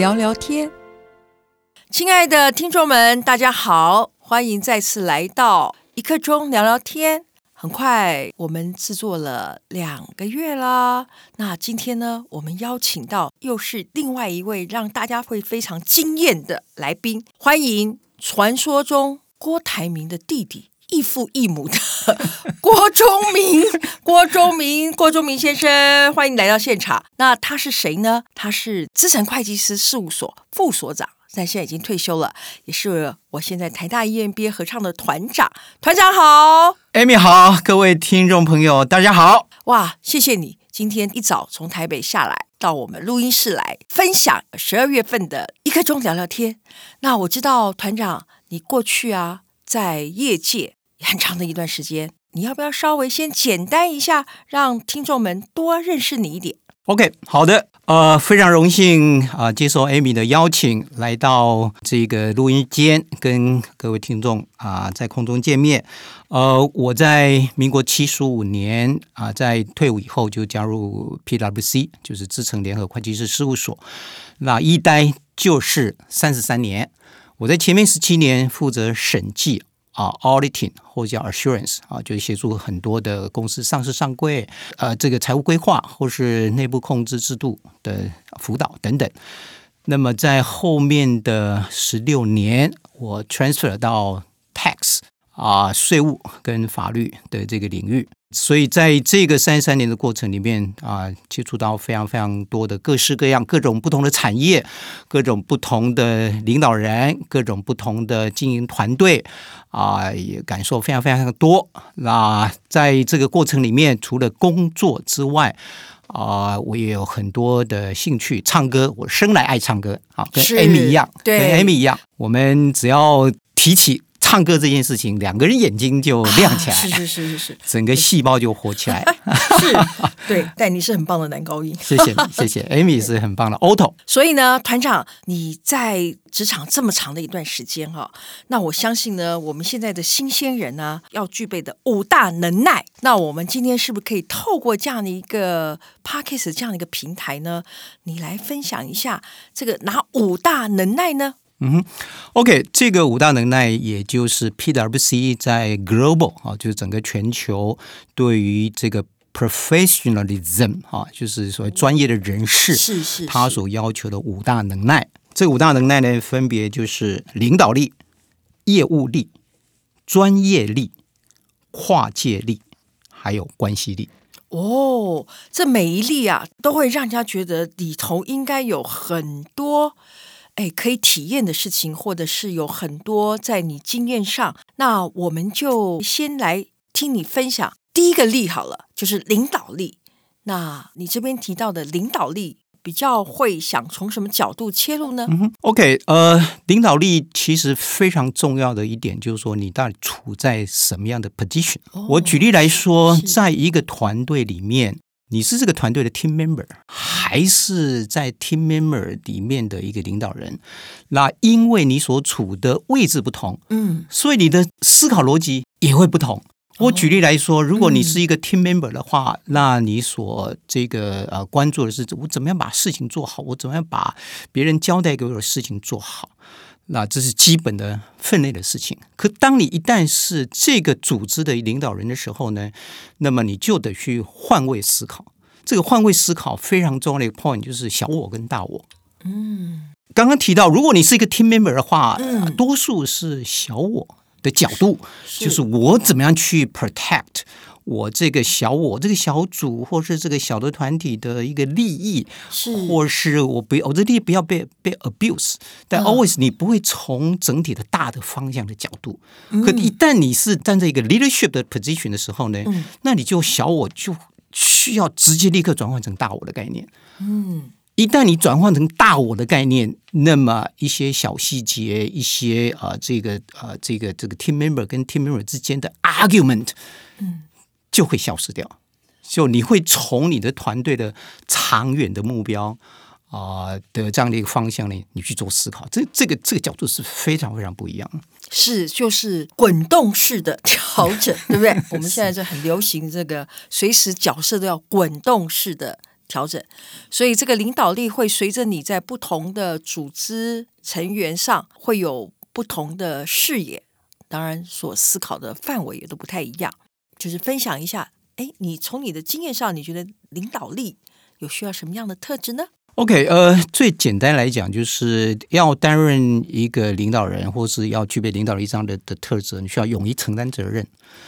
聊聊天，親愛的聽眾們，大家好，歡迎再次來到一刻鐘聊聊天。很快，我們製作了兩個月了。那今天呢，我們邀請到又是另外一位讓大家會非常驚艷的來賓，歡迎傳說中郭台銘的弟弟。異父異母的郭忠明， 郭忠明，郭忠明先生，歡迎來到現場。那他是誰呢？他是資產會計師事務所副所長，但現在已經退休了，也是我現在台大院 M B 合唱的團長。團長好，a m y 好，各位聽眾朋友，大家好。哇，謝謝你今天一早從台北下來到我們錄音室來分享十二月份的一刻鐘聊聊天。那我知道團長，你過去啊在業界。很長的一段時間，你要不要稍微先簡單一下，讓聽眾們多認識你一點？OK，好的，呃，非常榮幸啊、呃，接受 Amy 的邀請來到這個錄音間，跟各位聽眾啊、呃、在空中見面。呃，我在民國七十五年啊、呃，在退伍以後就加入 PWC，就是資誠聯合會計師事務所，那一待就是三十三年。我在前面十七年負責審計。啊，auditing 或者叫 Assurance 啊，就是協助很多的公司上市上櫃，呃，這個財務規劃或是內部控制制度的輔導等等。那麼在後面的十六年，我 transfer 到，啊，稅務跟法律的這個領域，所以在這個三十三年的過程裡面啊，接觸到非常非常多的各式各樣、各種不同的產業，各種不同的領導人，各種不同的經營團隊，啊，也感受非常非常多。那在這個過程裡面，除了工作之外啊，我也有很多的興趣，唱歌，我生來愛唱歌，啊，跟 Amy 一樣，對，跟 Amy 一樣，我們只要提起唱歌這件事情，兩個人眼睛就亮起來，啊、是是是是是，整個細胞就活起來。是，是， 是，對，但你是很棒的男高音， 謝謝謝謝。Amy 是很棒的 Otto。所以呢，團長，你在職場這麼長的一段時間哈、哦，那我相信呢，我們現在的新鮮人呢，要具備的五大能耐，那我們今天是不是可以透過這樣的一個 Podcast 這樣的一個平台呢，你來分享一下這個哪五大能耐呢？嗯哼 ，OK，這個五大能耐，也就是 PwC 在 Global 啊，就是整個全球對於這個 Professionalism 啊，就是所謂專業的人士，嗯、他所要求的五大能耐。這五大能耐呢，分別就是領導力、業務力、專業力、跨界力，還有關係力。哦，這每一力啊，都會讓人家覺得裡頭應該有很多。誒可以體驗的事情，或者是有很多在你經驗上，那我們就先來聽你分享第一個力好了，就是領導力。那你這邊提到的領導力，比較會想從什麼角度切入呢？嗯哼。OK，呃，領導力其實非常重要的一點就是說，你到底處在什麼樣的 position。Oh, 我舉例來說，是。在一個團隊裡面，你是這個團隊的 team member。還是在 team member 裡面的一個領導人，那因為你所處的位置不同，嗯，所以你的思考邏輯也會不同。我舉例來說，如果你是一個 team member 的話，那你所這個呃關注的是我怎麼樣把事情做好，我怎麼樣把別人交代給我的事情做好，那這是基本的分內的事情。可當你一旦是這個組織的領導人的時候呢，那麼你就得去換位思考。這個換位思考非常重要的一個 point，就是小我跟大我。嗯，剛剛提到，如果你是一個 team member 的話，嗯、多數是小我的角度，是是就是我怎麼樣去 protect 我這個小我，這個小組或是這個小的團體的一個利益，是或是我不我的利益不要被被 abuse。但 always 你不會從整體的大的方向的角度。嗯、可一旦你是站在一個 leadership 的 position 的時候呢，嗯、那你就小我就。需要直接立刻轉換成大我的概念。嗯，一旦你轉換成大我的概念，那麼一些小細節、一些啊，呃，這個啊，呃，這個這個 team member 跟 team member 之間的 argument，嗯，就會消失掉。就你會從你的團隊的長遠的目標。啊的、呃、這樣的一個方向呢，你去做思考，這這個這個角度是非常非常不一樣，是就是滾動式的調整， 對不對？我們現在就很流行這個，隨時角色都要滾動式的調整，所以這個領導力會隨着你在不同的組織成員上會有不同的視野，當然所思考的範圍也都不太一樣。就是分享一下，哎，你從你的經驗上，你覺得領導力有需要什麼樣的特質呢？OK，呃，最簡單來講，就是要擔任一個領導人，或是要具備領導人這樣的的特質，你需要勇於承擔責任。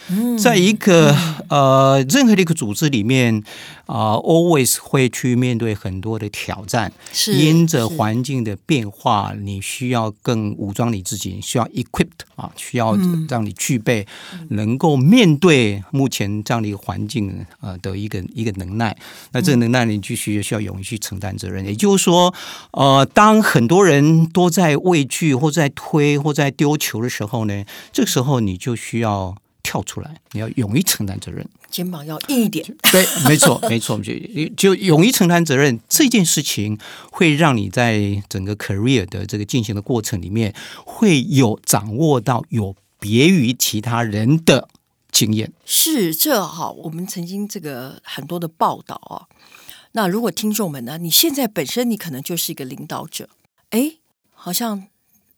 嗯，在一個呃任何的一個組織裡面啊，呃，always 會去面對很多的挑戰。是，因着環境的變化，是你需要更武裝你自己，你需要 equipped 啊，需要讓你具備能夠面對目前這樣的一個環境啊的一個一個能耐。那這個能耐你繼續，你必須需要勇於去承擔責任。也就是說，呃，當很多人都在畏懼或在推或在丟球的時候呢，這個時候你就需要跳出來，你要勇於承擔責任，肩膀要硬一點。 對，沒錯，沒錯，就就勇於承擔責任這件事情，會讓你在整個 career 的這個進行的過程裡面，會有掌握到有別於其他人的經驗。是，這好，我們曾經這個很多的報道啊、哦。那如果聽眾們呢？你現在本身你可能就是一個領導者，哎，好像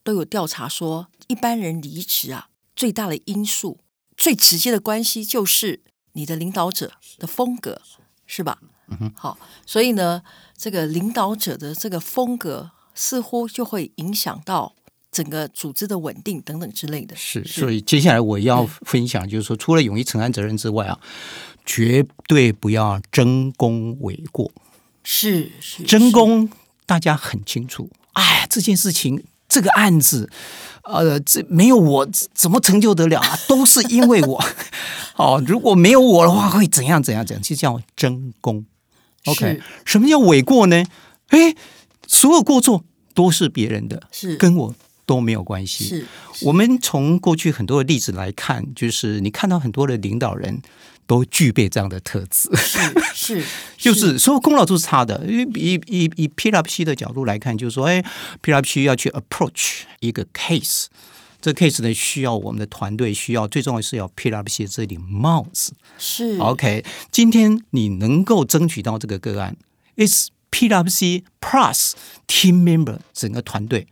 都有調查說，一般人離職啊，最大的因素、最直接的關係就是你的領導者的風格，是,是,是,是吧？嗯哼。好，所以呢，這個領導者的這個風格似乎就會影響到整個組織的穩定等等之類的。是，是所以接下來我要分享，就是說，嗯、除了勇於承擔責任之外啊。絕對不要爭功諉過，是是，爭功大家很清楚。哎，這件事情，這個案子，呃，這沒有我怎麼成就得了啊？都是因為我， 好，如果沒有我的話，會怎樣怎樣怎樣？就叫爭功。OK，是什麼叫諉過呢？哎，所有過錯都是別人的，是跟我都沒有關係。是，我們從過去很多的例子來看，就是你看到很多的領導人。都具備這樣的特質是，是是， 就是所有功勞都是他的。因為以以以 PwC 的角度來看，就是說，誒 PwC 要去 approach 一個 case，這個 case 呢需要我們的團隊需要最重要的是要 PwC 這頂帽子。是 OK，今天你能夠爭取到這個個案，It's PwC plus team member 整個團隊。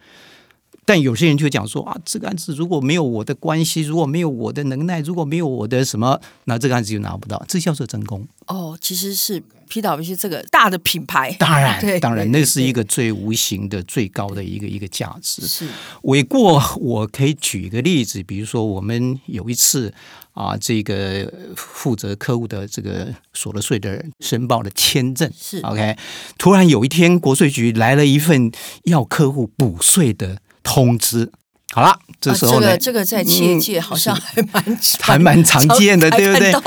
但有些人就講說啊，這個案子如果沒有我的關係，如果沒有我的能耐，如果沒有我的什麼，那這個案子就拿不到。這叫做成功哦，其實是 p 導皮這個大的品牌，當然，當然，那是一個最無形的、最高的一個一個價值。是。偉過，我可以舉一個例子，比如說我們有一次啊，這個負責客戶的這個所得稅的人申報的簽證是 OK，突然有一天國稅局來了一份要客戶補稅的通知好了，這時候呢，啊這個、這個在企業界好像還蠻還蠻常見的，對不對？補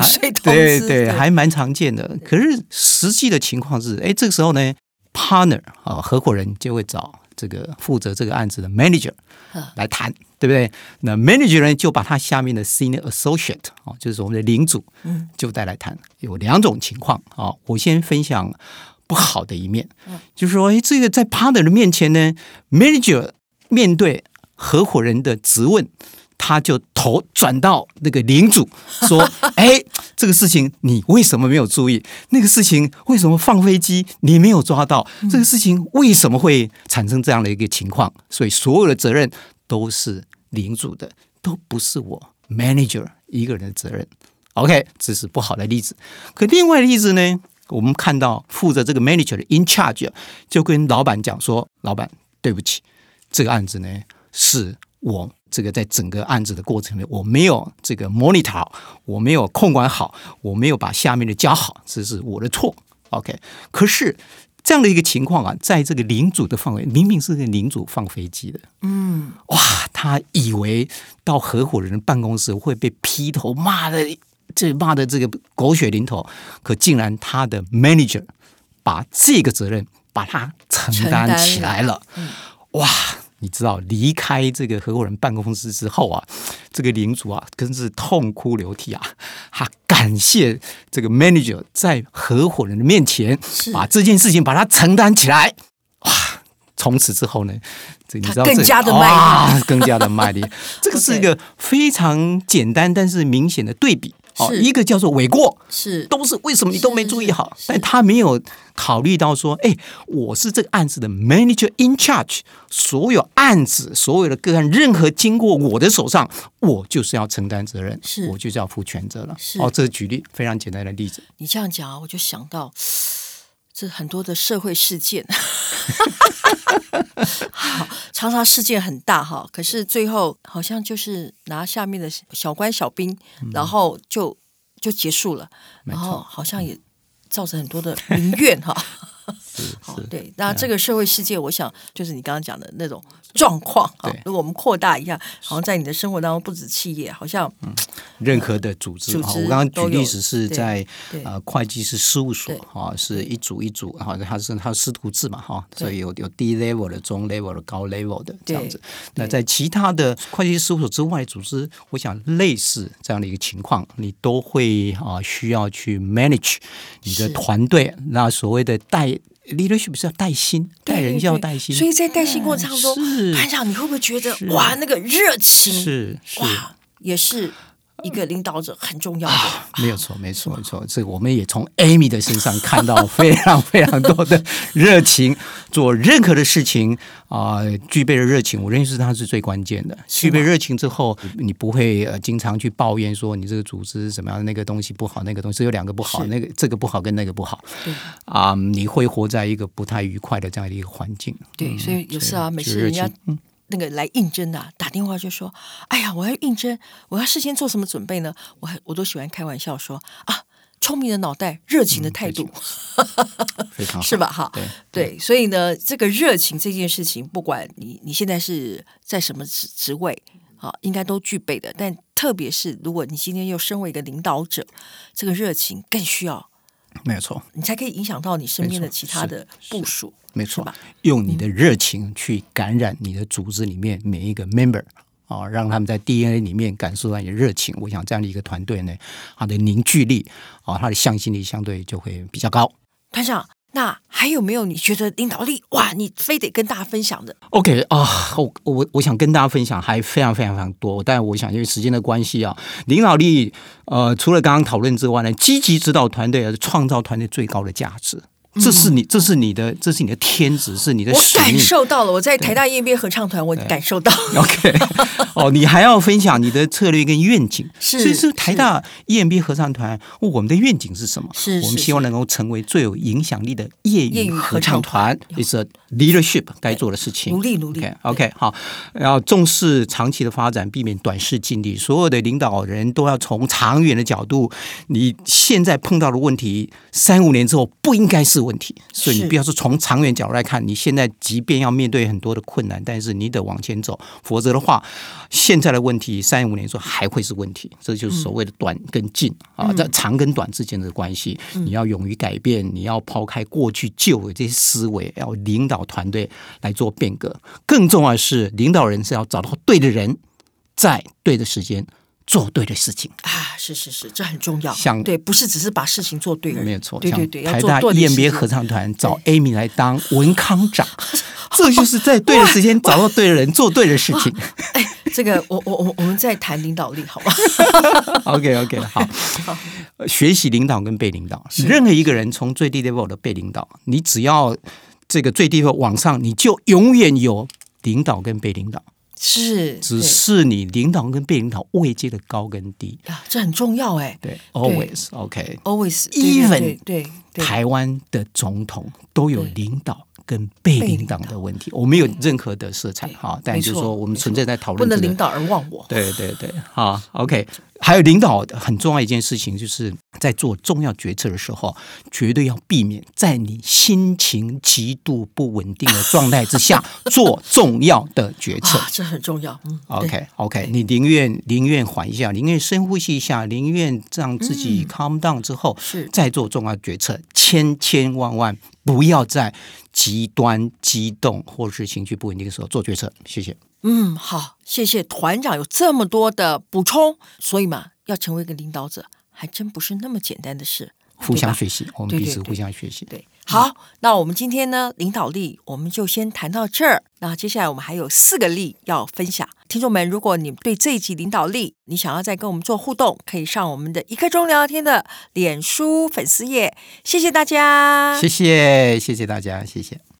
稅投資，對對，還蠻常見的。對可是實際的情況是，誒、哎，這個時候呢，partner 啊，合夥人就會找這個負責這個案子的 manager 來談，嗯、對不對？那 manager 呢，就把他下面的 senior associate 啊，就是我們的領主，就帶來談。嗯、有兩種情況啊，我先分享。不好的一面，就是說，誒，這個在 partner 面前呢，manager 面對合夥人的質問，他就頭轉到那個領組，說，誒、哎，這個事情你為什麼沒有注意？那個事情為什麼放飛機你沒有抓到？這個事情為什麼會產生這樣的一個情況？所以所有的責任都是領組的，都不是我 manager 一個人的責任。OK，這是不好的例子。可另外的例子呢？我們看到負責這個 manager 的 in charge 就跟老闆講說：“老闆，對不起，這個案子呢是我這個在整個案子的過程裡，我沒有這個 monitor，我沒有控管好，我沒有把下面的教好，這是我的錯。”OK，可是這樣的一個情況啊，在這個領主的範圍，明明是領主放飛機的，嗯，哇，他以為到合夥人的辦公室會被劈頭罵的。這罵的這個狗血淋頭，可竟然他的 manager 把這個責任把他承擔起來了。了嗯、哇！你知道，離開這個合夥人辦公室之後啊，這個領主啊，真是痛哭流涕啊！他感謝這個 manager 在合夥人的面前把這件事情把他承擔起來。是哇！從此之後呢，這你知道這個啊，更加的賣力。更加的賣力。 這個是一個非常簡單但是明顯的對比。哦，一個叫做諉過，是都是為什麼你都沒注意好？是是是是，但他沒有考慮到說，哎，我是這個案子的 manager in charge，所有案子所有的個案，任何經過我的手上，我就是要承擔責任，是我就是要負全責了。是，哦，這是舉例非常簡單的例子。你這樣講啊，我就想到。這很多的社會事件， 好，常常事件很大哈，可是最後好像就是拿下面的小官小兵，嗯、然後就就結束了，嗯、然後好像也造成很多的民怨哈。嗯 是是好，對，那這個社會世界，我想就是你剛剛講的那種狀況啊。對如果我們擴大一下，好像在你的生活當中，不止企業，好像嗯，任何的組織啊，呃、組織我剛剛舉例子是在呃會計師事務所啊，對是一組一組，好像它是它是師徒制嘛哈，對所以有有低 level 的、中 level 的、高 level 的對這樣子。對那在其他的會計師事務所之外，組織，我想類似這樣的一個情況，你都會啊、呃、需要去 manage 你的團隊。是那所謂的帶。leadership 是要帶心，帶人就要帶心，所以在帶心過程當中，團、嗯、長，你會不會覺得，是哇，那個熱情是，是哇，也是。一個領導者很重要的，啊，沒有錯，沒錯，沒錯嗎。這個我們也從 Amy 的身上看到非常非常多的熱情， 做任何的事情啊，呃，具備了熱情，我認識他是最關鍵的。嗎具備熱情之後，你不會呃經常去抱怨說你這個組織怎麼樣，那個東西不好，那個東西有兩個不好，是那個這個不好跟那個不好。對啊，呃，你會活在一個不太愉快的這樣的一個環境。對，所以有事啊，沒事，嗯，你要那個來應徵的、啊、打電話就說：“哎呀，我要應徵，我要事先做什麼準備呢？我還我都喜歡開玩笑說啊，聰明的腦袋，熱情的態度，嗯、非常好、 是吧？哈，對對，所以呢，這個熱情這件事情，不管你你現在是在什麼職職位啊，應該都具備的。但特別是如果你今天又身為一個領導者，這個熱情更需要。”沒有錯，你才可以影響到你身邊的其他的部屬。沒錯，沒錯吧，用你的熱情去感染你的組織裡面每一個 member 啊、嗯哦，讓他們在 DNA 裡面感受到你的熱情。我想這樣的一個團隊呢，它的凝聚力啊、哦，它的向心力相對就會比較高。團長。那還有沒有你覺得領導力，哇，你非得跟大家分享的？OK 啊，呃，我我我想跟大家分享還非常非常非常多。但我想因為時間的關係啊，領導力呃，除了剛剛討論之外呢，積極指導團隊也是創造團隊最高的價值。這是你，這是你的，這是你的天職，是你的使命。我感受到了，我在台大 EMBA 合唱團，我感受到，OK，哦，你還要分享你的策略跟願景。是，所以說台大 EMBA 合唱團，我們的願景是什麼？是，我們希望能夠成為最有影響力的業餘合唱團。is a leadership 該做的事情。努力努力。OK，好，然後重視長期的發展，避免短視近利。所有的領導人都要從長遠的角度，你現在碰到的問題，三五年之後不應該是問題，所以你不要說，從長遠角度來看，你現在即便要面對很多的困難，但是你得往前走，否則的話，現在的問題，三五年說還會是問題，這就是所謂的短跟近、嗯、啊，在長跟短之間的關係，你要勇於改變，你要拋開過去舊的這些思維，要領導團隊來做變革。更重要的是，領導人是要找到對的人，在對的時間。做對的事情啊，是是是，這很重要。想對，不是只是把事情做對，沒有錯。對對對，台大 EMBA 合唱團找 Amy 來當文康長，這就是在對的時間找到對的人做對的事情。這個我我我，我們在談領導力，好不好？OK OK，好，好，學習領導跟被領導，任何一個人從最低 level 的被領導，你只要這個最低 level 往上，你就永遠有領導跟被領導。是，只是你領導跟被領導位階的高跟低，啊，這很重要哎。對，always OK，always even 對，對台灣的總統都有領導。跟被領導的問題，我沒有任何的色彩哈。但就是說，我們存在在討論不能領導而忘我。對對對，好，OK。還有領導很重要一件事情，就是在做重要決策的時候，絕對要避免在你心情極度不穩定的狀態之下做重要的決策。這很重要。嗯，OK OK。你寧願寧願緩一下，寧願深呼吸一下，寧願讓自己 calm down 之後，再做重要決策。千千萬萬不要再。極端激動或者是情緒不穩定的時候做決策，謝謝。嗯，好，謝謝團長有這麼多的補充，所以嘛，要成為一個領導者，還真不是那麼簡單的事。互相學習，對吧？我們彼此對對對對互相學習。對。好，那我們今天呢領導力，我們就先談到這兒。那接下來我們還有四個力要分享。聽眾們，如果你對這一集領導力，你想要再跟我們做互動，可以上我們的一刻鐘聊天的臉書粉絲頁。謝謝大家，謝謝，謝謝大家，謝謝。